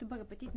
Добър апетит!